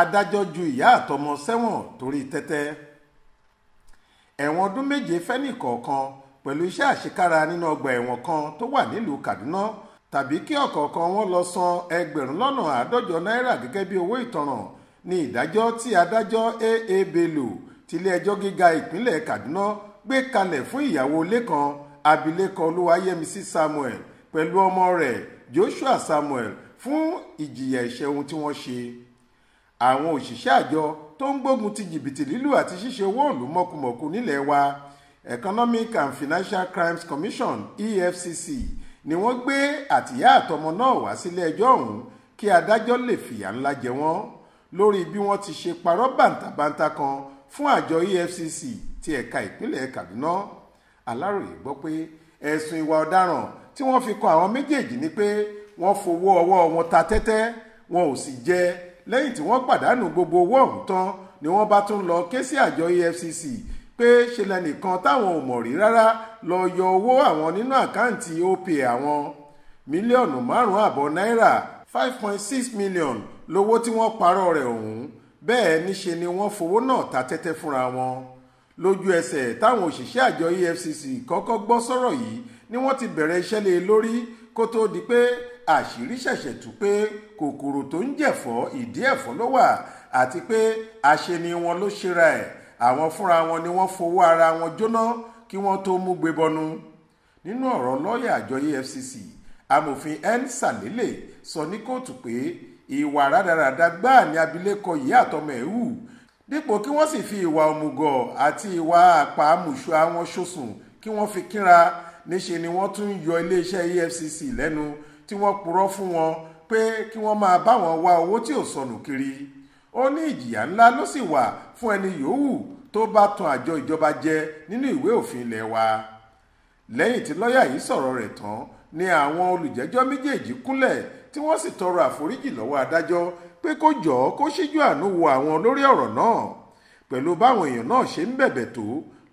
adájọ́ ju ìyá àtọmọ sẹ́wọ̀n torí tẹ́tẹ́ ẹ̀wọ̀n ọdún méje fẹ́nìkọ̀ọ̀kan pẹ̀lú iṣẹ́ àṣekára nínú ọgbà ẹ̀wọ̀n kan tó wà nílùú Kaduna tàbí kí ọ̀kọ̀ọ̀kan wọn lọ san ẹgbẹ̀rún lọ́nà àádọ́jọ náírà gẹ́gẹ́ bí owó ìtanràn ní ìdájọ́ tí adájọ́ aa bello tiléẹjọ́ gíga ìpínlẹ̀ Kaduna gbé kalẹ̀ fún ìyàwó ilé kan abilékọ olúwayẹmísí Samuel pẹ̀lú ọmọ rẹ̀ Joshua Samuel fún ìjìyà ẹ̀ṣẹ̀ ohun tí wọ́n ṣe àwọn òṣìṣẹ́ àjọ tó ń gbógun ti jìbìtì lílù àti ṣíṣe owó òlù mọ̀kùmọ̀kù nílẹ̀ wa Economic and Financial Crimes Commission EFCC ni wọ́n gbé àtìyá àtọmọ náà wá sílé ẹjọ́ ọ̀hún kí adájọ́ lè fìyà ńlá jẹ wọ́n lórí bí wọ́n ti ṣe parọ́ bàǹtàbàǹtà kan fún àjọ EFCC ti ẹ̀ka ìpínlẹ̀ Kaduna Aláròyé gbọ́ pé ẹ̀sùn ìwà ọ̀daràn tí wọ́n fi kan àwọn méjèèjì ni pé wọ́n fowó ọwọ́ wọn ta tẹ́tẹ́ wọn ò sì jẹ lẹ́yìn tí wọ́n pàdánù gbogbo owó ọ̀hún tán ni wọ́n bá tún lọ ké sí àjọ EFCC pé ṣe lẹ́nìkan táwọn ò mọ̀ rí rárá lọ yọ owó àwọn nínú àkáǹtì opay àwọn mílíọ̀nù márùn-ún àbọ̀ náírà five point six million lówó tí wọ́n parọ́ rẹ̀ ọ̀hún bẹ́ẹ̀ níṣe ni wọ́n fowó náà ta tẹ́tẹ́ fúnra wọn lójú ẹsẹ̀ táwọn òṣìṣẹ́ àjọ EFCC kọ́kọ́ gbọ́ sọ̀rọ̀ yìí ni wọ́n ti bẹ̀rẹ̀ iṣẹ́ lé lórí kó tóó di pé àṣírí ṣẹ̀ṣẹ̀ tú pé kòkòrò tó ń jẹ̀fọ́ ìdí ẹ̀fọ́ ló wà àti pé àṣe ni wọn ló ṣera ẹ̀ àwọn fúnra wọn ni wọ́n fowó ara wọn jóná kí wọ́n tó mú gbé bọnu nínú ọ̀rọ̀ lọ́ọ̀yà àjọ EFCC amòfin n salele sọ ní kóòtù pé ìwà rádaràda gbáà ni abilékọ yìí àtọmọ ẹ̀ hù dípò kí wọ́n sì fi ìwà òmùgọ̀ àti ìwà àpamùṣù àwọn ṣòṣùn kí wọ́n fi kínra níṣe ni wọ́n tún yọ iléeṣẹ́ EFCC lẹ́nu tí wọ́n purọ́ fún wọn pé kí wọ́n máa bá wọn wá owó tí ò sọnù kiri ó ní ìjìyà ńlá ló sì wà fún ẹni yòówù tó bá tan àjọ ìjọba jẹ nínú ìwé òfin ilé wa lẹ́yìn tí lọ́ọ̀yà yìí sọ̀rọ̀ rẹ̀ tán ni àwọn olùjẹ́jọ́ méjèèjì kúnlẹ̀ tí wọ́n sì tọrọ àforíjì lọ́wọ́ adájọ́ pé kó jọ̀ọ́ kó ṣíjú àánú wo àwọn lórí ọ̀rọ̀ náà pẹ̀lú báwọn èèyàn náà ṣe ń bẹ̀bẹ̀ tó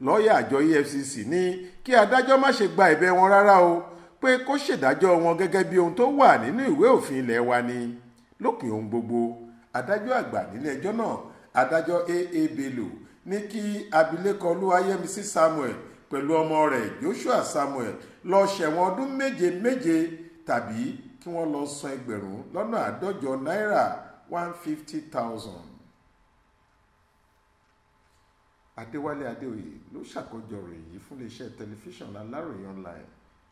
lọ́ọ̀yà àjọ EFCC ní kí adájọ́ má ṣe gba ẹ̀bẹ̀ wọn rárá o pé kó ṣèdájọ́ wọn gẹ́gẹ́ bí ohun tó wà nínú ìwé òfin ilé wa ni lópin ohun gbogbo adájọ́ àgbà nílé-ẹjọ́ náà adájọ́ aa bello ní kí abilékọ olúwayẹmísí samuel pẹ̀lú ọmọ rẹ̀ joshua samuel lọ ṣẹ̀wọ̀n ọdún méje méje tàbí kí wọ́n lọ san ẹgbẹ̀rún lọ́nà àádọ́jọ náírà one fifty thousand. adéwálé adéoyè ló ṣàkójọ rẹ̀ yìí fún iléeṣẹ́ tẹlifíṣàn aláròye online